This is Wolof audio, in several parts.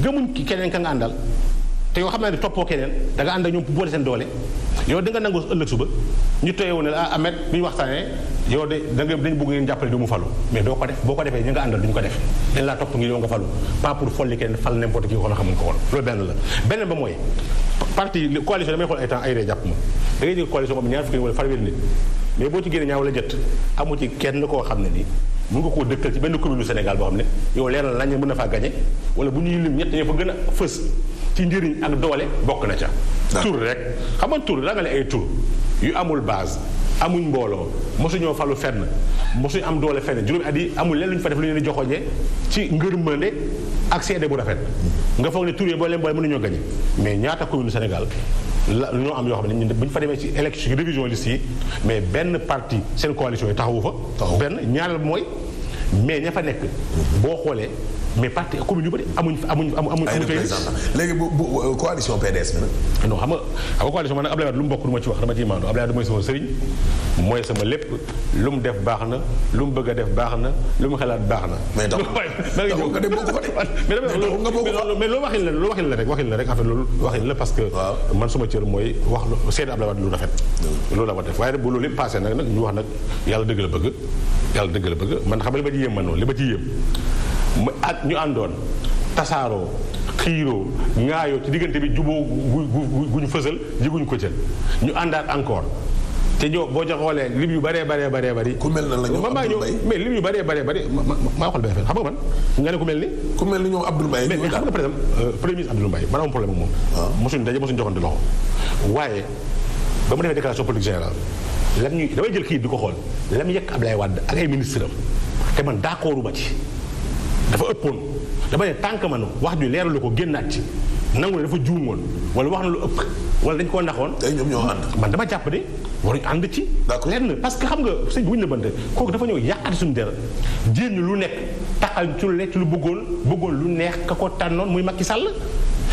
gëmuñ ki keneen ka nga àndal te yoo xam naa ne toppoo keneen da nga ànd ak ñoom seen doole yow da nga nangu ëllëg suba ñu tooyewu ne ah Ahmed bi ñu waxtaanee yow de da nga dañ bëgg ngeen jàppale ko def boo ko defee ñu nga àndal duñ laa topp ngir yow nga falu pas pour folli keneen fal n'importe qui xool xool ay temps ay jàpp ma da ngay coalition boobu ñaar fukki wala fanweeri nit mais boo ci génne ñaaw la jët amu ci kenn koo xam ne nii mën nga koo dëkkal ci benn commune du Sénégal boo xam ne yow leer na lañ mën na faa gañe wala bu ñuy lim ñett ñoo fa gën a fës ci njëriñ ak doole bokk na ca. tur rek xam nga tur rangale ay tur yu amul base amuñ mbooloo mosuñoo falu fenn mosuñ am doole fenn juróomi at yi amul leen lu ñu fa def lu ñu leen joxoñee ci ngërmande ak seede bu rafet. nga foog ne tur yi boo leen boole mënuñoo gañe mais ñaata commune du Sénégal. la ñoo am yoo xam ne bu ñu fa demee ci élection révision liste yi mais benn parti seen coalition yi taxawu fa. benn ñaareel mooy. mais ña fa nekk boo xoolee mais parti commune yu bëri amuñ amuñ amuñ. ay représentant léegi bu bu euh, coalition PDS bi nag. non xam nga xam nga coalition man nag Abdoulaye Wade lu mu bokk du ma ci wax dama ciy maandu Abdoulaye Wade mooy sama sëriñ mooy sama lépp lu mu def baax na lu mu bëgg a def baax na lu mu xalaat baax na. mais taxul taxul nga dem bokk ko de. mais taxul nga bokk ko mais loolu waxin la loolu waxin la rek waxin la rek en fait loolu waxin la parce que. man sama cër mooy wax seede Abdoulaye Wade lu rafet. Mm. loolu la ma def waaye nag bu loolu yëpp passé nag nag ñu wax nag yàlla dëgg la bëgg yàlla dëgg la bëgg man xamal ba yéem man li ma ci yéem mu ak ñu àndoon tasaaroo xiiroo ŋaayoo ci diggante bi juboo gu gu ñu fësal jiguñ ko cël ñu àndaat encore te ñoo boo jox xoolee lim yu baree baree baree bari. ku mel na la ñoom Abdoul Mbaye mais lim yu baree baree bari ma ma maa xool benn xam nga man nga ne ku mel ni. ku mel ni ñoom Abdoul Mbaye. mais xam nga par exemple euh, premier ministre Abdoul Mbaye man amoon problème ak moom. waaw ah. mosuñu daje mosuñu joxante loxo. waaye ba mu defee déclaration politique générale lam ñuy damay jël kii di ko xool lam yekk Abdoulaye Wade ak ay ministre am. te man ba ci dafa ëppoon dama ne tànk nu wax ju leeralu ko génnaat ci nangu ne dafa juumoon wala wax na lu ëpp wala dañ koo naxoon. ay ñoom ñoo man dama jàpp ne waruñ ànd ci. lenn parce que xam nga sëñ bi na ñu la bënte kooku dafa ñëw yàqati suñu der jéem lu nekk taxal ci lu nekk lu bëggoon bëggoon lu neex ka ko tànnoon muy Macky Sall.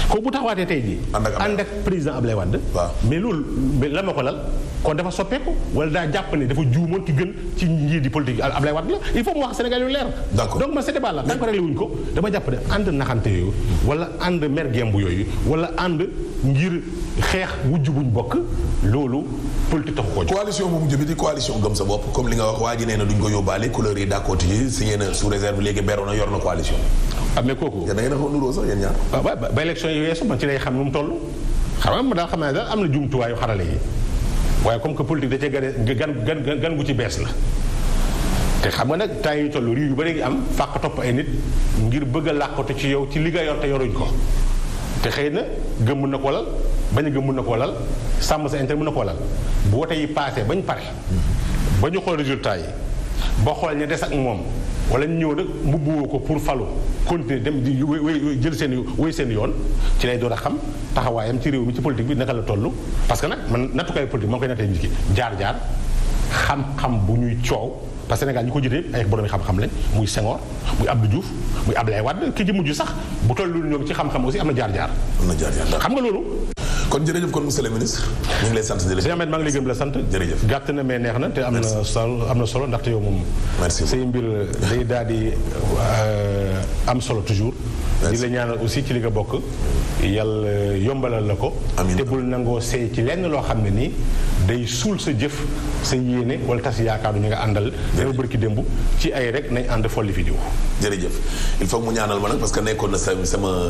kooku bu taxawaatee tey jii. ànd ak président Ablaye Wade. mais loolu la ma ko lal kon dafa soppeeku wala daa jàpp ne dafa juumoon ki gën ci njiit di politique Ablaye Wade la il faut mu wax Sénégal yu leer. dama jàpp ne ànd naxante yooyu wala ànd ngir xeex wujj buñ bokk loolu politique taxu koo coalition bu mujj bi di coalition gëm sa bopp comme li nga wax waa ji nee na duñ ko yóbbaale couleur yi d'accord yi signé na sous réserve léegi beroo na yor na coalition am ah, na kooku yéen a xaw nuroo sax ah, jumtuwaayu xarale yi waaye comme que politique da cee gan gan gan gu ci bees la te xam nga nag taa yi toll riiw yu bëri ngi am fàq topp ay nit ngir bëgg a làqatu ci yow ci li nga yor te yoruñ ko te xëy na gëm mën na ko lal bañ a gëm mën na ko lal sàmm sa intérêt mën na ko lal bu wote yi paasee bañ pare ba ñu xool résultat yi ba xool ña des ak moom wala ñu ñëw nag mbubboo ko pour falu continuer dem di wéy jël seen wéy seen yoon ci lay door a xam taxawaayam ci réew mi ci politique bi naka la toll parce que nag man nattukaay politique moom koy nattee nit ki jaar-jaar xam-xam bu ñuy coow parce que Sénégal ñu ko jiite yëpp ay borom xam-xam lañ muy Senghor muy Abdou Diouf muy Abdoulaye Wade ki ci mujj sax bu toll ñoom ci xam-xam aussi am na jaar am na jaar-jaar xam nga loolu. kon jërëjëf kon monsieur le ministre ñu ngi lay sant jërëjëf. Cheikh Ahmed maa ngi lay gëm la sant. gàtt na mais neex na te am na solo am na solo ndaxte yow moom. merci say mbir day daal di euh, am solo toujours. di la ñaanal aussi ci li bokk. yàlla yombalal la ko. te bul nangoo seey ci lenn loo xam ne nii day suul sa jëf sa yéene wala tas yaakaar bu ñu nga àndal. jërëjëf bërki démb ci ay rek nañ ànd folli vidéo. jërëjëf il faut mu ñaanal ma nag parce que nekkoon na sama.